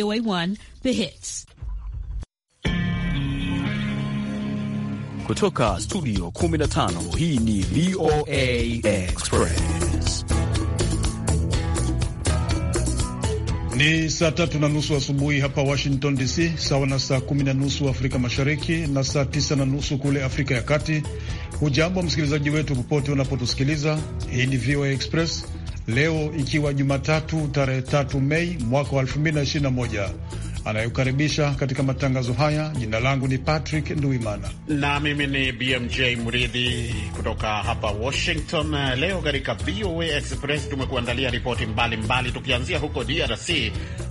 boa 1 The Hits. Kutoka studio 15 hii ni VOA Express. Ni saa tatu na nusu asubuhi wa hapa Washington DC, sawa na saa kumi na nusu Afrika Mashariki na saa tisa na nusu kule Afrika ya Kati. Hujambo msikilizaji wetu popote unapotusikiliza. Hii ni VOA Express leo ikiwa Jumatatu tarehe 3 Mei mwaka wa 2021 anayokaribisha katika matangazo haya. Jina langu ni Patrick Nduimana na mimi ni BMJ Mridhi kutoka hapa Washington. Leo katika VOA Express tumekuandalia ripoti mbalimbali, tukianzia huko DRC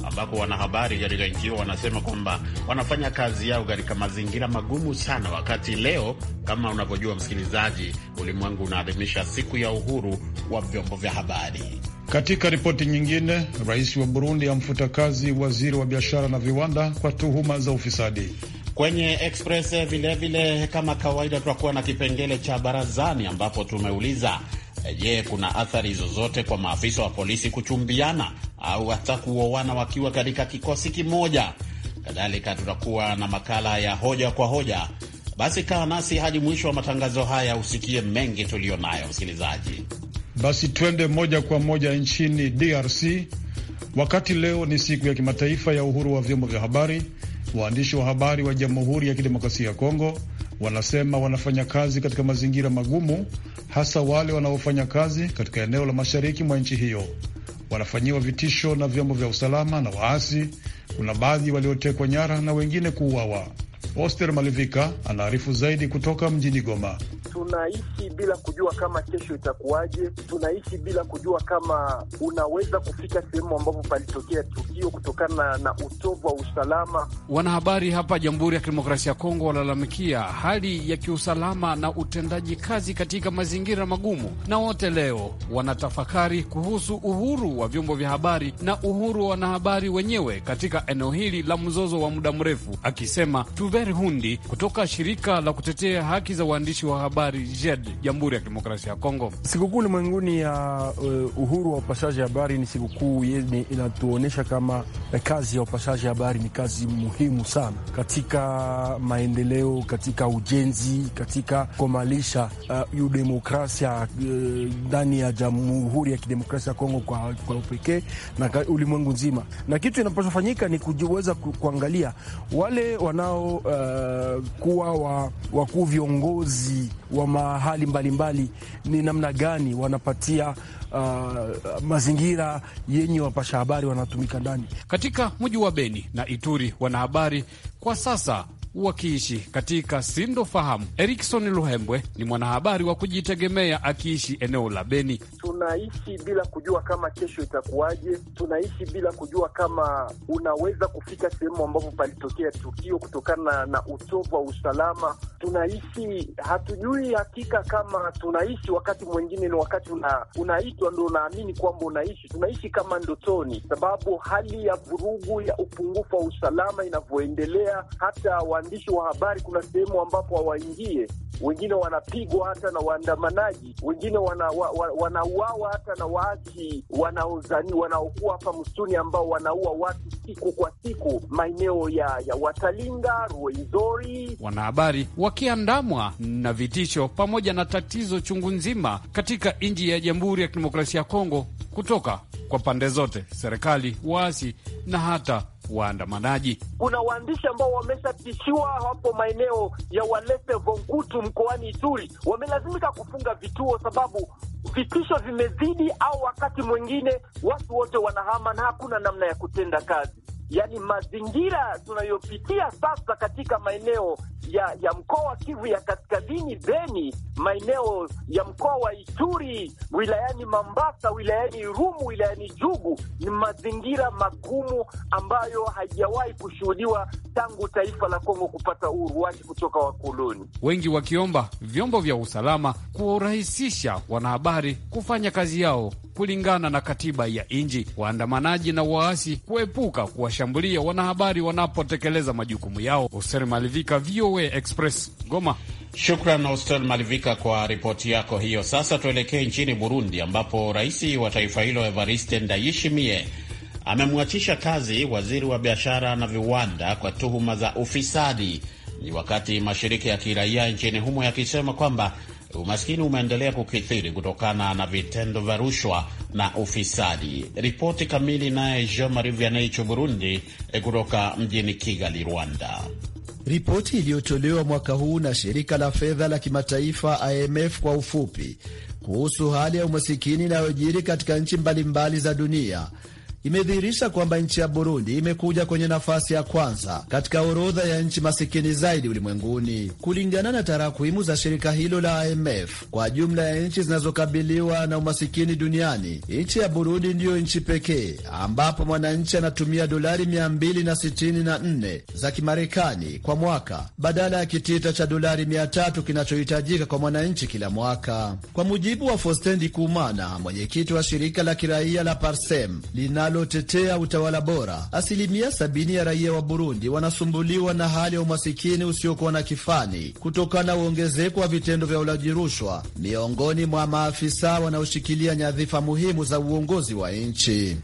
ambako wanahabari katika nchi hiyo wanasema kwamba wanafanya kazi yao katika mazingira magumu sana, wakati leo kama unavyojua msikilizaji, ulimwengu unaadhimisha siku ya uhuru wa vyombo vya habari. Katika ripoti nyingine, rais wa Burundi amfuta kazi waziri wa biashara na viwanda kwa tuhuma za ufisadi. Kwenye Express vilevile vile, kama kawaida tutakuwa na kipengele cha barazani ambapo tumeuliza je, kuna athari zozote kwa maafisa wa polisi kuchumbiana au hata kuoana wakiwa katika kikosi kimoja. Kadhalika tutakuwa na makala ya hoja kwa hoja. Basi kaa nasi hadi mwisho wa matangazo haya usikie mengi tuliyo nayo, msikilizaji. Basi twende moja kwa moja nchini DRC. Wakati leo ni siku ya kimataifa ya uhuru wa vyombo vya habari, waandishi wa habari wa Jamhuri ya Kidemokrasia ya Kongo wanasema wanafanya kazi katika mazingira magumu, hasa wale wanaofanya kazi katika eneo la mashariki mwa nchi hiyo. Wanafanyiwa vitisho na vyombo vya usalama na waasi. Kuna baadhi waliotekwa nyara na wengine kuuawa. Oster Malivika anaarifu zaidi kutoka mjini Goma tunaishi bila kujua kama kesho itakuwaje, tunaishi bila kujua kama unaweza kufika sehemu ambapo palitokea tukio kutokana na utovu wa usalama. Wanahabari hapa Jamhuri ya Kidemokrasia ya Kongo walalamikia hali ya kiusalama na utendaji kazi katika mazingira magumu, na wote leo wanatafakari kuhusu uhuru wa vyombo vya habari na uhuru wa wanahabari wenyewe katika eneo hili la mzozo wa muda mrefu, akisema Tuver Hundi kutoka shirika la kutetea haki za waandishi wa habari habari JED, Jamhuri ya Kidemokrasia ya Kongo. Sikukuu ulimwenguni ya uh, uhuru wa upashaji habari ni sikukuu yenye inatuonyesha kama kazi ya upashaji habari ni kazi muhimu sana katika maendeleo, katika ujenzi, katika kumalisha uh, udemokrasia uh, ndani uh, ya Jamhuri ya Kidemokrasia ya Kongo kwa, kwa upekee na ulimwengu nzima, na kitu inapaswa fanyika ni kuweza kuangalia wale wanaokuwa uh, wa wakuu viongozi wa mahali mbalimbali mbali, ni namna gani wanapatia uh, mazingira yenye wapasha habari wanatumika ndani katika mji wa Beni na Ituri. Wanahabari kwa sasa wakiishi katika sindofahamu. Erikson Luhembwe ni mwanahabari wa kujitegemea akiishi eneo la Beni. Tunaishi bila kujua kama kesho itakuwaje, tunaishi bila kujua kama unaweza kufika sehemu ambapo palitokea tukio kutokana na utovu wa usalama. Tunaishi hatujui hakika kama tunaishi, wakati mwingine ni wakati una, unaitwa ndo unaamini kwamba unaishi. Tunaishi kama ndotoni, sababu hali ya vurugu ya upungufu wa usalama inavyoendelea hata wa waandishi wa habari, kuna sehemu ambapo hawaingie, wengine wanapigwa hata na waandamanaji, wengine wanauawa wa, wana hata na waasi wanaozani wanaokuwa hapa msituni ambao wanaua watu siku kwa siku maeneo ya, ya Watalinga, Rwenzori. Wanahabari wakiandamwa na vitisho pamoja na tatizo chungu nzima katika nchi ya Jamhuri ya Kidemokrasia ya Kongo kutoka kwa pande zote, serikali, waasi na hata waandamanaji. Kuna waandishi ambao wameshatishiwa hapo maeneo ya Walese Vonkutu mkoani Ituri, wamelazimika kufunga vituo sababu vitisho vimezidi, au wakati mwingine watu wote wanahama na hakuna namna ya kutenda kazi yani mazingira tunayopitia sasa katika maeneo ya, ya mkoa wa Kivu ya kaskazini, Beni, maeneo ya mkoa wa Ituri, wilayani Mambasa, wilayani rumu wilayani Jugu, ni mazingira magumu ambayo haijawahi kushuhudiwa tangu taifa la Kongo kupata uhuru wake kutoka wakoloni, wengi wakiomba vyombo vya usalama kuwarahisisha wanahabari kufanya kazi yao kulingana na katiba ya nchi. Waandamanaji na waasi kuepuka kuwashambulia wanahabari wanapotekeleza majukumu yao. Hoser Malivika, VOA Express, Goma. Shukran Hoster Malivika kwa ripoti yako hiyo. Sasa tuelekee nchini Burundi, ambapo rais wa taifa hilo Evariste Ndayishimiye amemwachisha kazi waziri wa biashara na viwanda kwa tuhuma za ufisadi. Ni wakati mashirika ya kiraia nchini humo yakisema kwamba Umaskini umeendelea kukithiri kutokana na vitendo vya rushwa na ufisadi. Ripoti kamili naye Jean Marie Vianney Burundi eh, kutoka mjini Kigali, Rwanda. Ripoti iliyotolewa mwaka huu na shirika la fedha la kimataifa IMF kwa ufupi, kuhusu hali ya umasikini inayojiri katika nchi mbalimbali za dunia imedhihirisha kwamba nchi ya Burundi imekuja kwenye nafasi ya kwanza katika orodha ya nchi masikini zaidi ulimwenguni kulingana na tarakwimu za shirika hilo la IMF. Kwa jumla ya nchi zinazokabiliwa na umasikini duniani, nchi ya Burundi ndiyo nchi pekee ambapo mwananchi anatumia dolari 264 za Kimarekani kwa mwaka badala ya kitita cha dolari 300 kinachohitajika kwa mwananchi kila mwaka, kwa mujibu wa Fostendi Kumana, mwenyekiti wa shirika la kiraia la Parsem lina linalotetea utawala bora. Asilimia sabini ya raia wa Burundi wanasumbuliwa na hali ya umasikini usiokuwa na kifani kutokana na uongezeko wa vitendo vya ulaji rushwa miongoni mwa maafisa wanaoshikilia nyadhifa muhimu za uongozi wa nchi.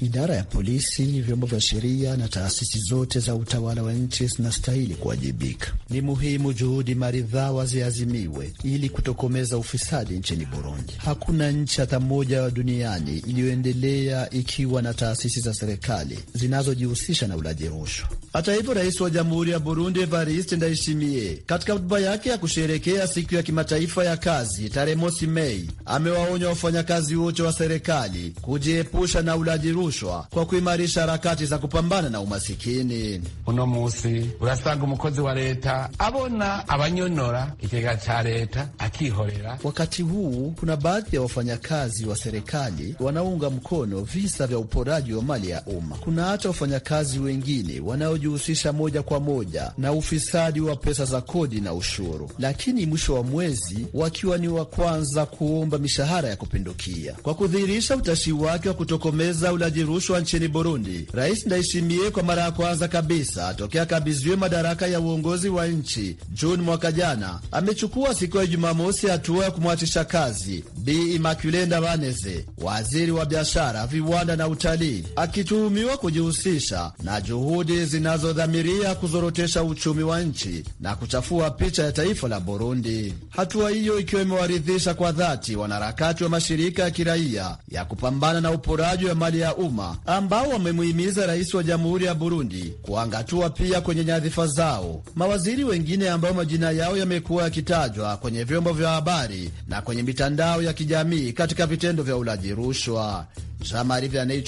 Idara ya polisi, vyombo vya sheria na taasisi zote za utawala wa nchi zinastahili kuwajibika. Ni muhimu juhudi maridhawa ziazimiwe ili kutokomeza ufisadi nchini Burundi. Hakuna nchi hata moja duniani iliyoendelea ikiwa na taasisi za serikali zinazojihusisha na ulaji rushwa. Hata hivyo, rais wa jamhuri ya Burundi Evariste Ndayishimiye katika hotuba yake ya kusherekea siku ya kimataifa ya kazi tarehe mosi Mei amewaonya wafanyakazi wote wa serikali kujiepusha na ulaji rushwa kwa kuimarisha harakati za kupambana na umasikini. uno musi urasanga umukozi wa leta abona abanyonora ikigega cha leta akihorera. Wakati huu kuna baadhi ya wafanyakazi wa serikali wanaounga mkono visa vya uporaji wa mali ya umma. Kuna hata wafanyakazi wengine wanaojihusisha moja kwa moja na ufisadi wa pesa za kodi na ushuru, lakini mwisho wa mwezi wakiwa ni wa kwanza kuomba mishahara ya kupindukia. Kwa kudhihirisha utashi wake wa kutokomeza ulaji rushwa nchini Burundi, Rais Ndayishimiye kwa mara ya kwanza kabisa tokea kabidhiwe madaraka ya uongozi wa nchi Juni mwaka jana amechukua siku ya Jumamosi hatua ya kumwachisha kazi Bi Immaculee Ndabaneze, waziri wa biashara, viwanda na utalii, akituhumiwa kujihusisha na juhudi zinazodhamiria kuzorotesha uchumi wa nchi na kuchafua picha ya taifa la Burundi. Hatua hiyo ikiwa imewaridhisha kwa dhati wanaharakati wa mashirika ya kiraia ya kupambana na uporaji wa mali ya umma ambao wamemuhimiza rais wa jamhuri ya Burundi kuangatua pia kwenye nyadhifa zao mawaziri wengine ambao majina yao yamekuwa yakitajwa kwenye vyombo vya habari na kwenye mitandao ya kijamii katika vitendo vya ulaji rushwa.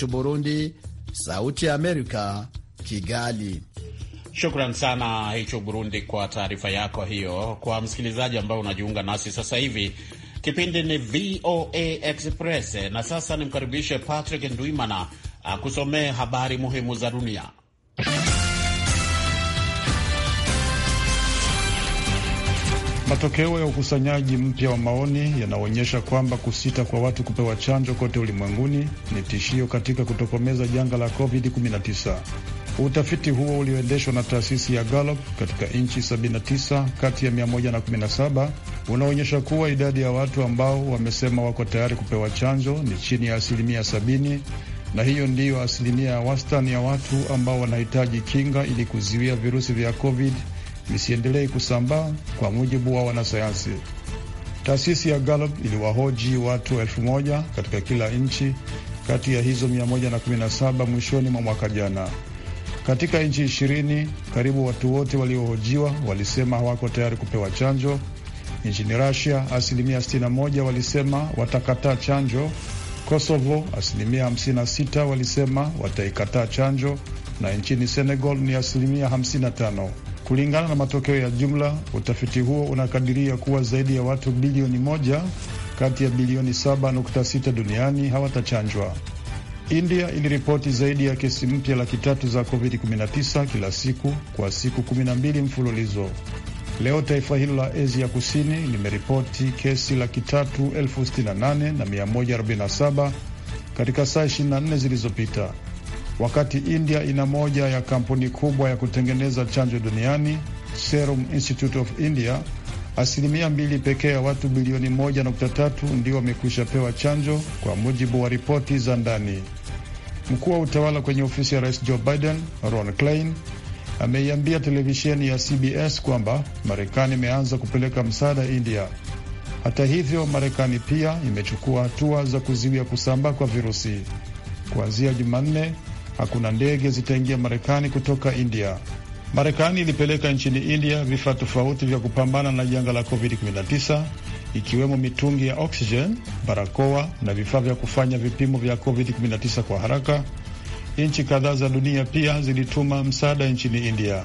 Burundi, Sauti ya Amerika, Kigali. Shukran sana hicho Burundi kwa taarifa yako hiyo. Kwa msikilizaji ambao unajiunga nasi sasa hivi, kipindi ni VOA Express, na sasa nimkaribishe Patrick Ndwimana akusomee habari muhimu za dunia. Matokeo ya ukusanyaji mpya wa maoni yanaonyesha kwamba kusita kwa watu kupewa chanjo kote ulimwenguni ni tishio katika kutokomeza janga la COVID-19. Utafiti huo ulioendeshwa na taasisi ya Gallup katika nchi 79 kati ya 117 unaonyesha kuwa idadi ya watu ambao wamesema wako tayari kupewa chanjo ni chini ya asilimia 70, na hiyo ndiyo asilimia ya wastani ya watu ambao wanahitaji kinga ili kuzuia virusi vya COVID visiendelei kusambaa, kwa mujibu wa wanasayansi. Taasisi ya Gallup iliwahoji watu elfu moja katika kila nchi kati ya hizo 117 mwishoni mwa mwaka jana. Katika nchi ishirini, karibu watu wote waliohojiwa walisema hawako tayari kupewa chanjo. Nchini Rasia, asilimia 61 walisema watakataa chanjo. Kosovo, asilimia 56 walisema wataikataa chanjo, na nchini Senegal ni asilimia 55. Kulingana na matokeo ya jumla, utafiti huo unakadiria kuwa zaidi ya watu bilioni moja kati ya bilioni 7.6 duniani hawatachanjwa. India iliripoti zaidi ya kesi mpya laki tatu za COVID-19 kila siku kwa siku 12 mfululizo. Leo taifa hilo la Asia Kusini limeripoti kesi laki tatu elfu sitini na nane na katika saa 24 zilizopita wakati India ina moja ya kampuni kubwa ya kutengeneza chanjo duniani, Serum Institute of India, asilimia mbili pekee ya watu bilioni moja nukta tatu ndio wamekwisha pewa chanjo kwa mujibu wa ripoti za ndani. Mkuu wa utawala kwenye ofisi ya rais Joe Biden, Ron Klein, ameiambia televisheni ya CBS kwamba Marekani imeanza kupeleka msaada India. Hata hivyo, Marekani pia imechukua hatua za kuzuia kusambaa kwa virusi. Kuanzia Jumanne, hakuna ndege zitaingia Marekani kutoka India. Marekani ilipeleka nchini India vifaa tofauti vya kupambana na janga la COVID-19 ikiwemo mitungi ya oksijeni, barakoa na vifaa vya kufanya vipimo vya COVID-19 kwa haraka. Nchi kadhaa za dunia pia zilituma msaada nchini India.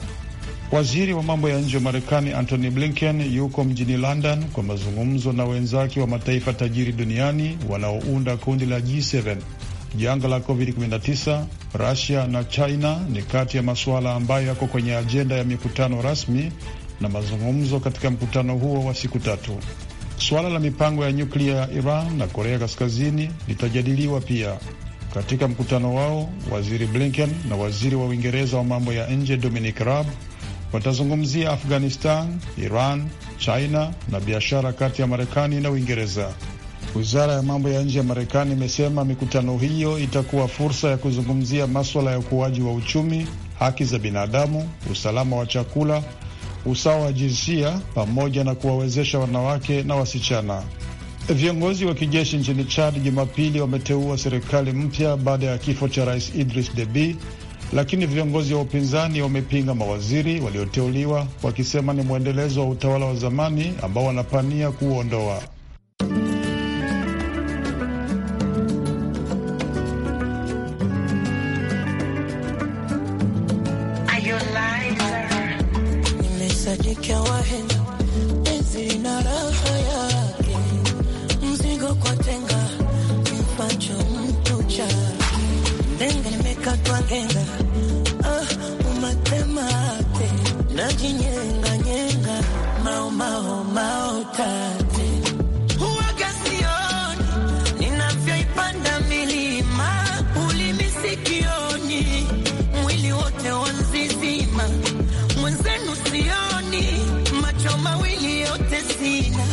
Waziri wa mambo ya nje wa Marekani Antony Blinken yuko mjini London kwa mazungumzo na wenzake wa mataifa tajiri duniani wanaounda kundi la G7. Janga la COVID-19, Russia na China ni kati ya masuala ambayo yako kwenye ajenda ya mikutano rasmi na mazungumzo katika mkutano huo wa siku tatu. Suala la mipango ya nyuklia ya Iran na Korea Kaskazini litajadiliwa pia. Katika mkutano wao, Waziri Blinken na Waziri wa Uingereza wa mambo ya nje Dominic Raab watazungumzia Afghanistan, Iran, China na biashara kati ya Marekani na Uingereza. Wizara ya mambo ya nje ya Marekani imesema mikutano hiyo itakuwa fursa ya kuzungumzia maswala ya ukuaji wa uchumi, haki za binadamu, usalama wa chakula, usawa wa jinsia, pamoja na kuwawezesha wanawake na wasichana. Viongozi wa kijeshi nchini Chad Jumapili wameteua serikali mpya baada ya kifo cha rais Idris Deby, lakini viongozi wa upinzani wamepinga mawaziri walioteuliwa wakisema ni mwendelezo wa utawala wa zamani ambao wanapania kuuondoa. ninavyoipanda milima mwili wote wanzizima mwenzenu sioni macho mawili yote sina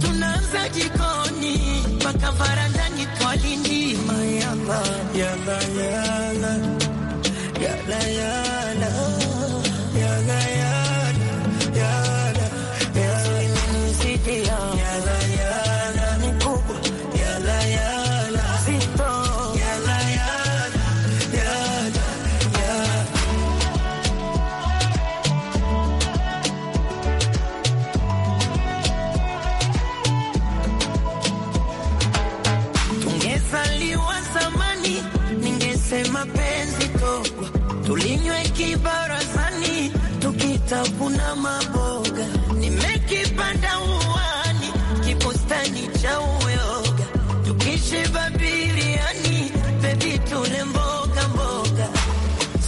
Tunaanza jikoni mpaka varandani twalindima. Utakuna maboga nimekipanda uani kibustani cha uyoga, tukishiba biliani bebi tule mboga mboga.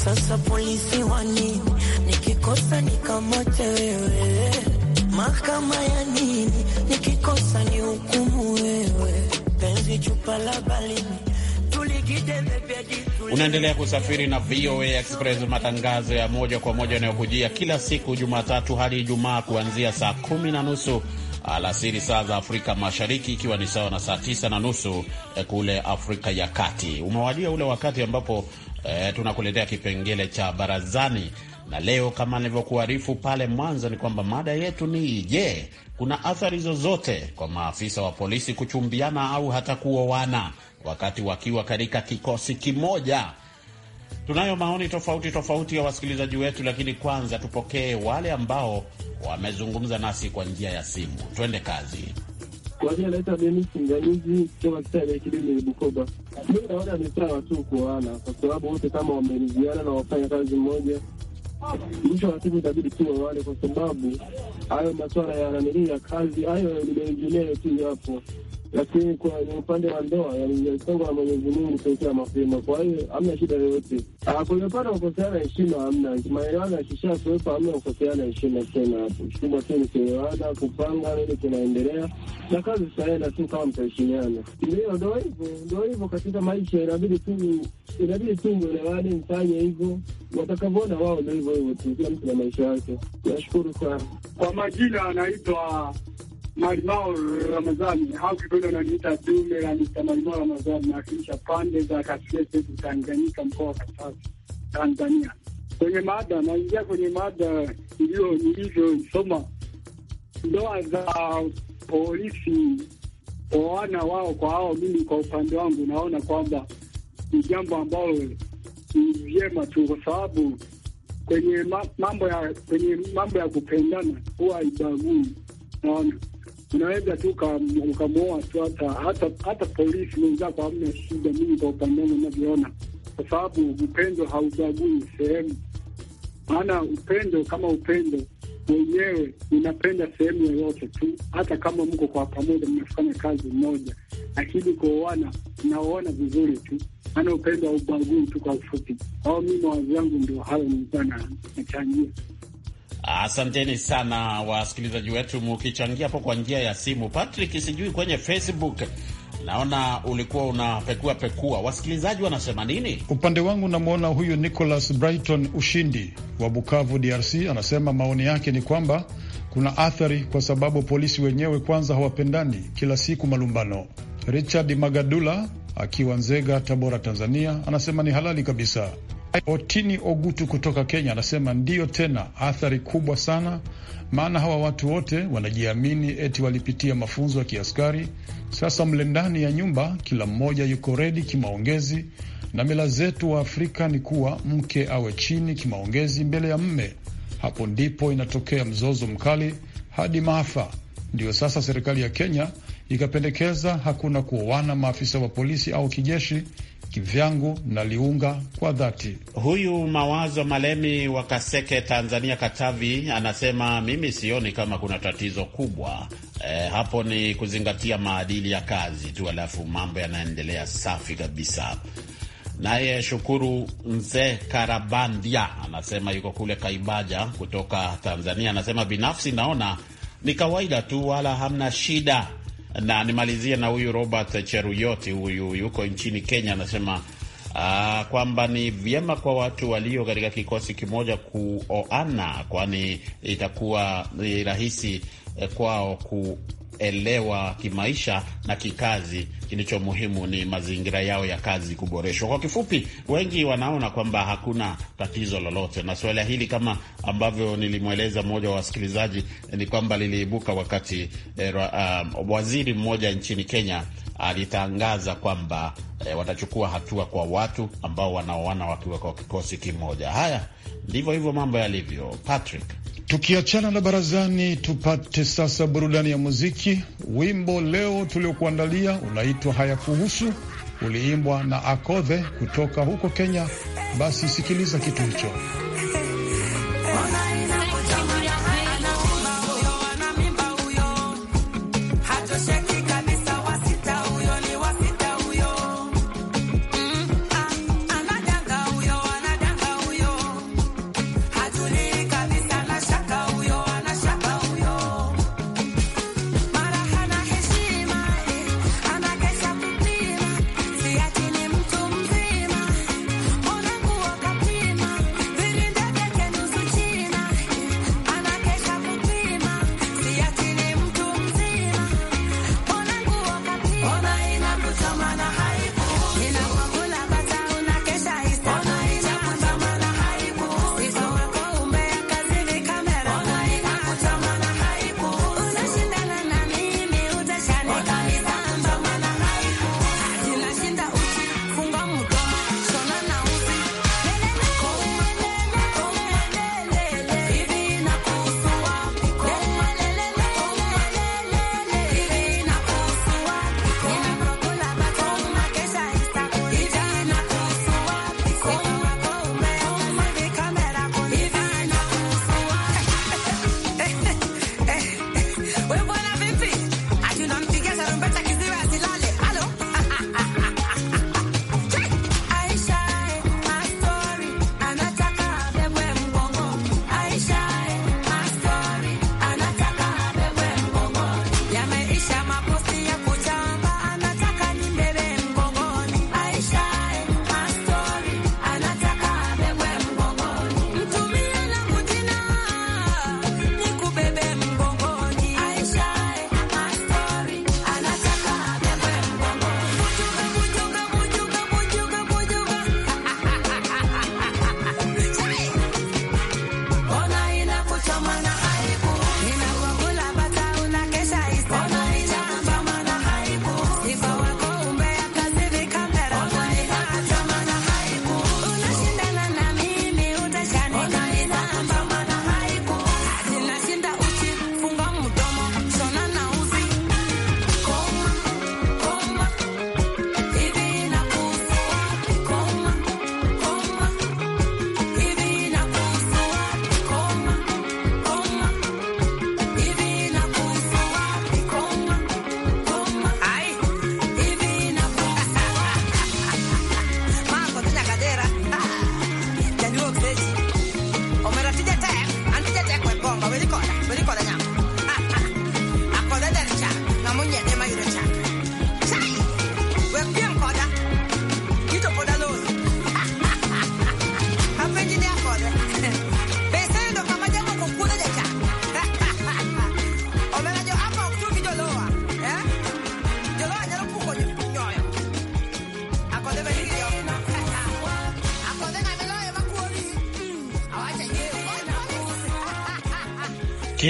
Sasa polisi wanini? Nikikosa nikamote wewe, mahakama ya nini? Nikikosa ni hukumu wewe, penzi chupa la balini Unaendelea kusafiri na VOA Express, matangazo ya moja kwa moja yanayokujia kila siku Jumatatu hadi Ijumaa kuanzia saa kumi na nusu alasiri saa za Afrika Mashariki, ikiwa ni sawa na saa tisa na nusu eh, kule Afrika ya Kati. Umewadia ule wakati ambapo eh, tunakuletea kipengele cha barazani, na leo kama nilivyokuarifu pale mwanzo ni kwamba mada yetu ni je, kuna athari zozote kwa maafisa wa polisi kuchumbiana au hata kuoana wakati wakiwa katika kikosi kimoja. Tunayo maoni tofauti tofauti ya wasikilizaji wetu, lakini kwanza tupokee wale ambao wamezungumza nasi kwa njia ya simu. Twende kazi. Wazia naitwa Bukoba. naona ni sawa tu kuoana, kwa sababu wote kama na wafanya kazi mmoja, mwisho wa siku itabidi tu kwa sababu hayo maswala ya nanilii ya kazi hayo ni mengineyo tu lakini kwa ni upande wa ndoa yaliyotoka na Mwenyezi Mungu tokea mapema. Kwa hiyo hamna shida yoyote ah, kwenye upande wa kukoseana heshima, hamna maelewano yakisha yakishakuwepo, hamna kukoseana heshima tena. Hapo kikubwa tu ni kuelewana, kupanga nini kinaendelea na kazi zitaenda tu kama mtaheshimiana. Ndio ndo hivo, ndo hivo katika maisha, inabidi tu inabidi tu mwelewane, mfanye hivo watakavyoona wao, ndo hivo hivo tu, kila mtu na maisha yake. Nashukuru sana. Kwa majina anaitwa Malimao Ramadhani au kipendo ananiita dume la Mr. Malimao Ramadhani, nawakilisha pande za kaskazini Tanganyika, mkoa wa Katavi, Tanzania. Kwenye mada, naingia kwenye mada iliyo nilivyoisoma, ndoa za polisi oana wao kwa hao. Mimi kwa upande wangu naona kwamba ni jambo ambalo ni vyema tu, kwa sababu kwenye mambo ya kwenye mambo ya kupendana huwa haibagui, naona unaweza tu ukamwoa tu, hata hata polisi mwenzako hamna shida. Mimi kwa upande wangu unavyoona, kwa sababu upendo haubagui sehemu. Maana upendo kama upendo wenyewe unapenda sehemu yoyote tu, hata kama mko kwa pamoja mnafanya kazi mmoja, lakini kuoana naoana vizuri tu, maana upendo haubagui tu. Kwa ufupi, au mimi mawazi yangu ndio hayo, nilikuwa nachangia. Asanteni sana wasikilizaji wetu mukichangia hapo kwa njia ya simu. Patrick, sijui kwenye Facebook naona ulikuwa unapekua pekua, wasikilizaji wanasema nini? Upande wangu namwona huyu Nicholas Brighton Ushindi wa Bukavu, DRC, anasema maoni yake ni kwamba kuna athari kwa sababu polisi wenyewe kwanza hawapendani, kila siku malumbano. Richard Magadula akiwa Nzega, Tabora, Tanzania, anasema ni halali kabisa Otini Ogutu kutoka Kenya anasema ndiyo, tena athari kubwa sana, maana hawa watu wote wanajiamini eti walipitia mafunzo ya kiaskari. Sasa mle ndani ya nyumba, kila mmoja yuko redi kimaongezi, na mila zetu wa Afrika ni kuwa mke awe chini kimaongezi mbele ya mme. Hapo ndipo inatokea mzozo mkali hadi maafa. Ndiyo sasa serikali ya Kenya ikapendekeza hakuna kuoana maafisa wa polisi au kijeshi kivyangu naliunga kwa dhati. Huyu Mawazo Malemi wa Kaseke, Tanzania, Katavi, anasema mimi sioni kama kuna tatizo kubwa e, hapo ni kuzingatia maadili ya kazi tu, alafu mambo yanaendelea safi kabisa. Naye Shukuru Mzee Karabandia anasema yuko kule Kaibaja kutoka Tanzania, anasema binafsi naona ni kawaida tu, wala hamna shida na nimalizie na huyu Robert Cheruyoti, huyu yuko nchini Kenya, anasema Uh, kwamba ni vyema kwa watu walio katika kikosi kimoja kuoana, kwani itakuwa ni rahisi eh, kwao ku kuelewa kimaisha na kikazi, kilicho muhimu ni mazingira yao ya kazi kuboreshwa. Kwa kifupi, wengi wanaona kwamba hakuna tatizo lolote, na suala hili kama ambavyo nilimweleza mmoja wa wasikilizaji ni kwamba liliibuka wakati eh, uh, waziri mmoja nchini Kenya alitangaza kwamba e, watachukua hatua kwa watu ambao wanaoana wakiwa kwa kikosi kimoja. Haya ndivyo hivyo mambo yalivyo, Patrick. Tukiachana na barazani, tupate sasa burudani ya muziki. Wimbo leo tuliokuandalia unaitwa Hayakuhusu, uliimbwa na Akodhe kutoka huko Kenya. Basi sikiliza kitu hicho.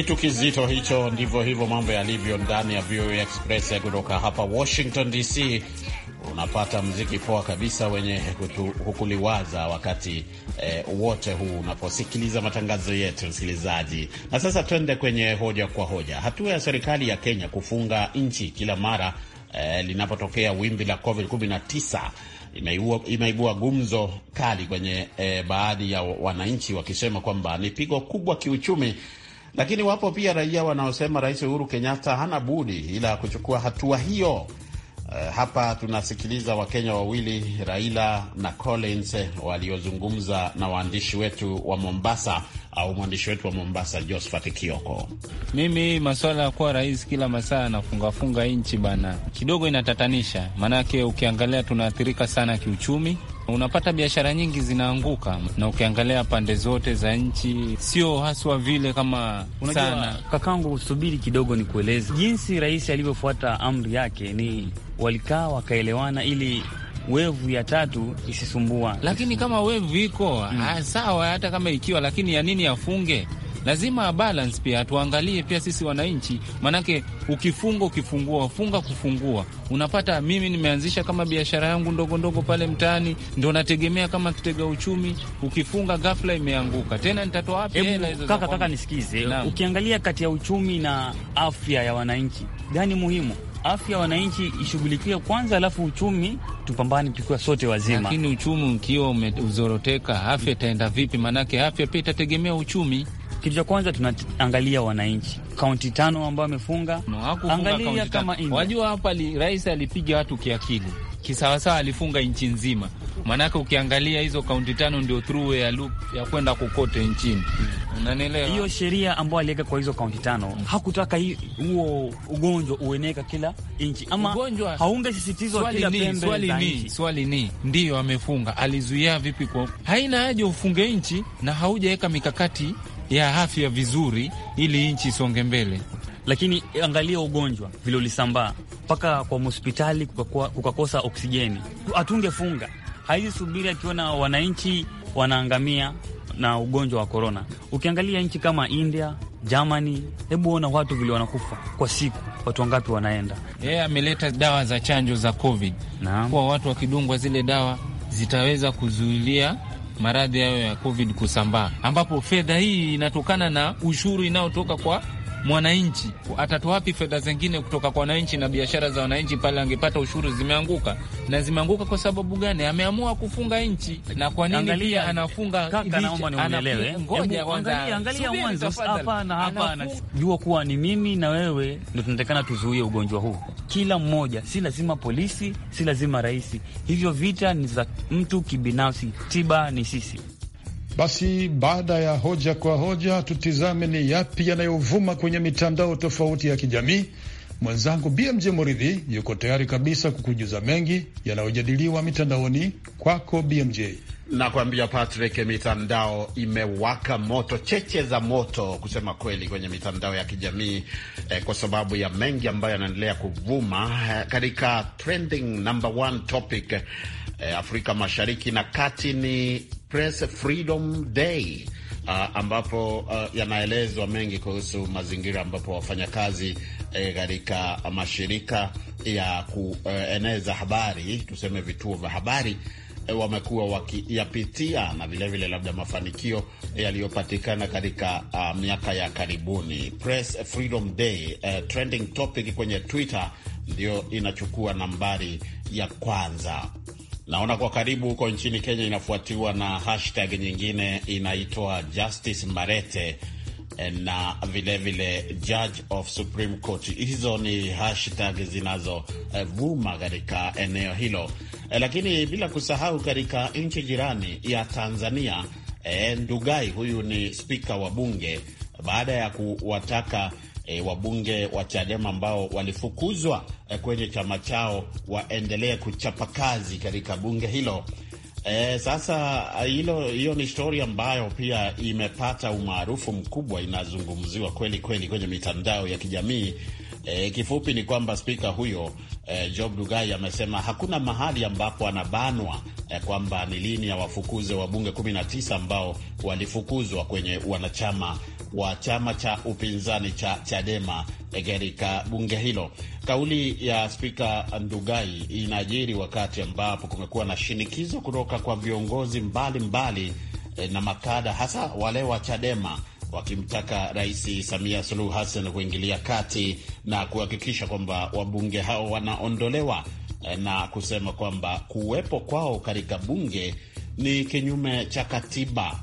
Kitu kizito hicho. Ndivyo hivyo mambo yalivyo ndani ya VOA Express kutoka hapa Washington DC. Unapata mziki poa kabisa wenye hukuliwaza wakati eh, wote huu unaposikiliza matangazo yetu, msikilizaji. Na sasa twende kwenye hoja kwa hoja. Hatua ya serikali ya Kenya kufunga nchi kila mara eh, linapotokea wimbi la COVID-19 imeibua gumzo kali kwenye eh, baadhi ya wananchi wakisema kwamba ni pigo kubwa kiuchumi lakini wapo pia raia wanaosema Rais Uhuru Kenyatta hana budi ila kuchukua hatua hiyo. Uh, hapa tunasikiliza Wakenya wawili Raila na Collins waliozungumza na waandishi wetu wa Mombasa au mwandishi wetu wa Mombasa Josephat Kioko. Mimi masuala ya kuwa rais kila masaa anafungafunga nchi bana, kidogo inatatanisha, maanake ukiangalia tunaathirika sana kiuchumi unapata biashara nyingi zinaanguka, na ukiangalia pande zote za nchi sio haswa vile kama unajua, sana. Kakangu, subiri kidogo ni nikueleze jinsi rais alivyofuata amri yake. Ni walikaa wakaelewana ili wevu ya tatu isisumbua, lakini kama wevu iko mm, sawa hata kama ikiwa, lakini ya nini afunge? lazima balance pia tuangalie pia sisi wananchi, maanake ukifunga ukifungua, funga kufungua, unapata mimi nimeanzisha kama biashara yangu ndogo ndogo pale mtaani, ndo nategemea kama kitega uchumi. Ukifunga ghafla, imeanguka tena, nitatoa wapi hela hizo? Kaka kaka, nisikize, ukiangalia kati ya uchumi na afya ya wananchi, gani muhimu? Afya ya wananchi ishughulikiwe kwanza, alafu uchumi tupambane tukiwa sote wazima. Lakini uchumi ukiwa umezoroteka, afya itaenda vipi? Maanake afya pia itategemea uchumi. Kitu cha kwanza tunaangalia wananchi, kaunti tano ambao wamefunga. Angalia kama wajua, hapa rais alipiga watu kiakili kisawasawa, alifunga nchi nzima. Maanake ukiangalia hizo kaunti tano ndio thruwe ya loop ya kwenda kokote nchini, unanielewa? Hiyo sheria ambayo aliweka kwa hizo kaunti tano mm. hakutaka huo ugonjwa ueneka kila nchi, ama haungesisitizwa kila pembe. Swali ni swali ni ndiyo, amefunga alizuia vipi? Kwa haina haja ufunge nchi na haujaweka mikakati ya afya vizuri, ili nchi isonge mbele. Lakini angalia ugonjwa vile ulisambaa mpaka kwa hospitali kukakosa oksijeni. Hatungefunga, haizi subiri akiona wananchi wanaangamia na ugonjwa wa korona. Ukiangalia nchi kama India, Germany, hebu ona watu vile wanakufa kwa siku, watu wangapi wanaenda. Yeye yeah, ameleta dawa za chanjo za COVID na kwa watu wakidungwa zile dawa zitaweza kuzuilia maradhi hayo ya COVID kusambaa, ambapo fedha hii inatokana na ushuru inayotoka kwa mwananchi atatoa wapi fedha zingine kutoka kwa wananchi, na biashara za wananchi pale angepata ushuru zimeanguka. Na zimeanguka kwa sababu gani? Ameamua kufunga nchi, na kwa nini pia anafunga? Angalia mwanzo, hapana hapana, jua kuwa ni mimi na wewe ndio tunatakana tuzuie ugonjwa huu, kila mmoja, si lazima polisi, si lazima rais. Hivyo vita ni za mtu kibinafsi, tiba ni sisi. Basi baada ya hoja kwa hoja, tutizame ni yapi yanayovuma kwenye mitandao tofauti ya kijamii. Mwenzangu BMJ Muridhi yuko tayari kabisa kukujuza mengi yanayojadiliwa mitandaoni. Kwako BMJ. Nakwambia Patrick, mitandao imewaka moto, cheche za moto kusema kweli, kwenye mitandao ya kijamii eh, kwa sababu ya mengi ambayo yanaendelea kuvuma eh, katika trending number one topic eh, Afrika Mashariki na Kati ni Press Freedom Day uh, ambapo uh, yanaelezwa mengi kuhusu mazingira ambapo wafanyakazi eh, katika eh, mashirika ya kueneza eh, habari tuseme vituo vya habari eh, wamekuwa wakiyapitia na vilevile vile labda mafanikio yaliyopatikana katika uh, miaka ya karibuni. Press Freedom Day eh, trending topic kwenye Twitter ndio inachukua nambari ya kwanza. Naona kwa karibu huko nchini Kenya, inafuatiwa na hashtag nyingine inaitwa Justice Marete eh, na vilevile vile Judge of Supreme Court. Hizo ni hashtag zinazovuma eh, katika eneo hilo, eh, lakini bila kusahau katika nchi jirani ya Tanzania, Ndugai huyu ni spika wa bunge baada ya kuwataka e, wabunge wa Chadema ambao walifukuzwa e, kwenye chama chao waendelee kuchapa kazi katika bunge hilo. E, sasa hilo hiyo ni stori ambayo pia imepata umaarufu mkubwa, inazungumziwa kweli kweli kwenye mitandao ya kijamii. E, kifupi ni kwamba spika huyo e, Job Dugai amesema hakuna mahali ambapo anabanwa e, kwamba ni lini awafukuze wabunge 19 ambao walifukuzwa kwenye wanachama wa chama cha upinzani cha Chadema katika bunge hilo. Kauli ya spika Ndugai inajiri wakati ambapo kumekuwa na shinikizo kutoka kwa viongozi mbalimbali mbali, eh, na makada hasa wale wa Chadema wakimtaka Rais Samia Suluhu Hassan kuingilia kati na kuhakikisha kwamba wabunge hao wanaondolewa eh, na kusema kwamba kuwepo kwao katika bunge ni kinyume cha katiba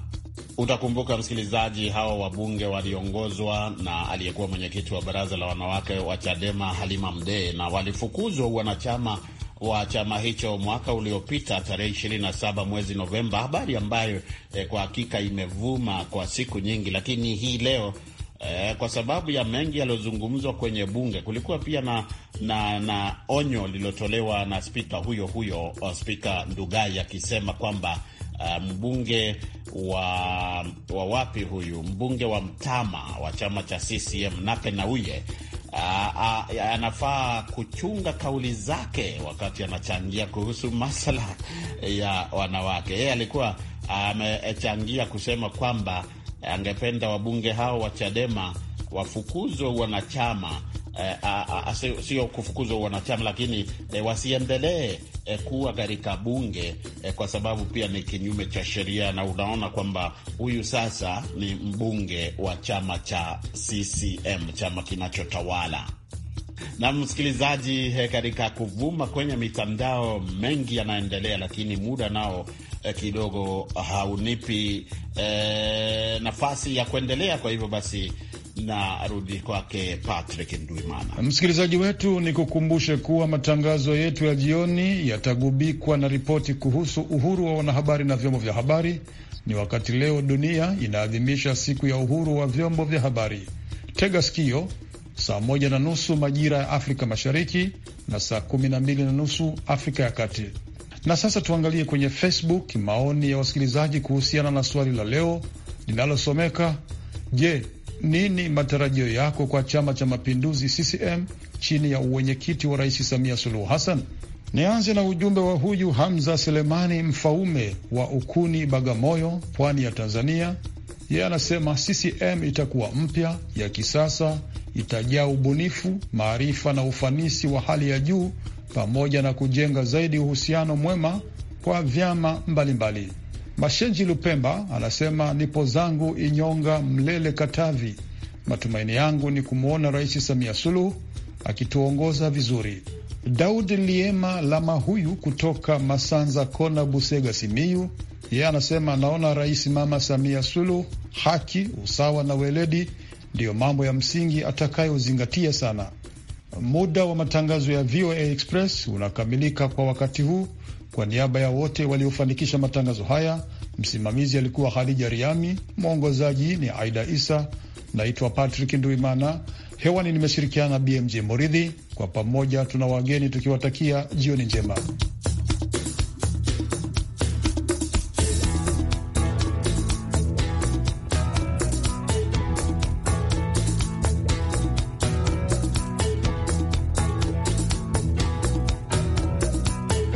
Utakumbuka msikilizaji, hawa wabunge waliongozwa na aliyekuwa mwenyekiti wa baraza la wanawake wa Chadema Halima Mdee, na walifukuzwa wanachama wa chama hicho mwaka uliopita tarehe 27 mwezi Novemba, habari ambayo eh, kwa hakika imevuma kwa siku nyingi, lakini hii leo eh, kwa sababu ya mengi yaliyozungumzwa kwenye bunge, kulikuwa pia na na, na onyo lililotolewa na spika huyo huyo, eh, spika Ndugai akisema kwamba uh, mbunge wa, wa wapi huyu mbunge wa Mtama wa chama cha CCM Nape Nnauye ah, ah, anafaa kuchunga kauli zake wakati anachangia kuhusu masala ya wanawake. Yeye alikuwa amechangia kusema kwamba angependa wabunge hao wa Chadema wafukuzwe wanachama eh, sio kufukuzwa wanachama, lakini eh, wasiendelee eh, kuwa katika bunge eh, kwa sababu pia ni kinyume cha sheria, na unaona kwamba huyu sasa ni mbunge wa chama cha CCM, chama kinachotawala na msikilizaji, eh, katika kuvuma kwenye mitandao mengi yanaendelea, lakini muda nao eh, kidogo haunipi eh, nafasi ya kuendelea. Kwa hivyo basi na rudi kwake Patrick Ndwimana. Msikilizaji wetu, ni kukumbushe kuwa matangazo yetu ya jioni yatagubikwa na ripoti kuhusu uhuru wa wanahabari na vyombo vya habari. Ni wakati leo dunia inaadhimisha siku ya uhuru wa vyombo vya habari. Tega sikio saa moja na nusu majira ya Afrika Mashariki na saa kumi na mbili na nusu Afrika ya Kati. Na sasa tuangalie kwenye Facebook maoni ya wasikilizaji kuhusiana na swali la leo linalosomeka: Je, nini matarajio yako kwa chama cha mapinduzi CCM chini ya uwenyekiti wa Rais Samia Suluhu Hassan? Nianze na ujumbe wa huyu Hamza Selemani Mfaume wa Ukuni, Bagamoyo, pwani ya Tanzania. Yeye anasema CCM itakuwa mpya, ya kisasa, itajaa ubunifu, maarifa na ufanisi wa hali ya juu, pamoja na kujenga zaidi uhusiano mwema kwa vyama mbalimbali mbali. Mashenji Lupemba anasema nipo zangu Inyonga, Mlele, Katavi. Matumaini yangu ni kumwona Rais Samia Suluhu akituongoza vizuri. Daudi Liema Lama huyu kutoka Masanza Kona, Busega, Simiyu, yeye anasema anaona Rais Mama Samia Suluhu, haki, usawa na weledi ndiyo mambo ya msingi atakayozingatia sana. Muda wa matangazo ya VOA Express unakamilika kwa wakati huu. Kwa niaba ya wote waliofanikisha matangazo haya, msimamizi alikuwa Hadija Riami, mwongozaji ni Aida Isa. Naitwa Patrick Nduimana, hewani nimeshirikiana BMJ Moridhi. Kwa pamoja tuna wageni tukiwatakia jioni njema.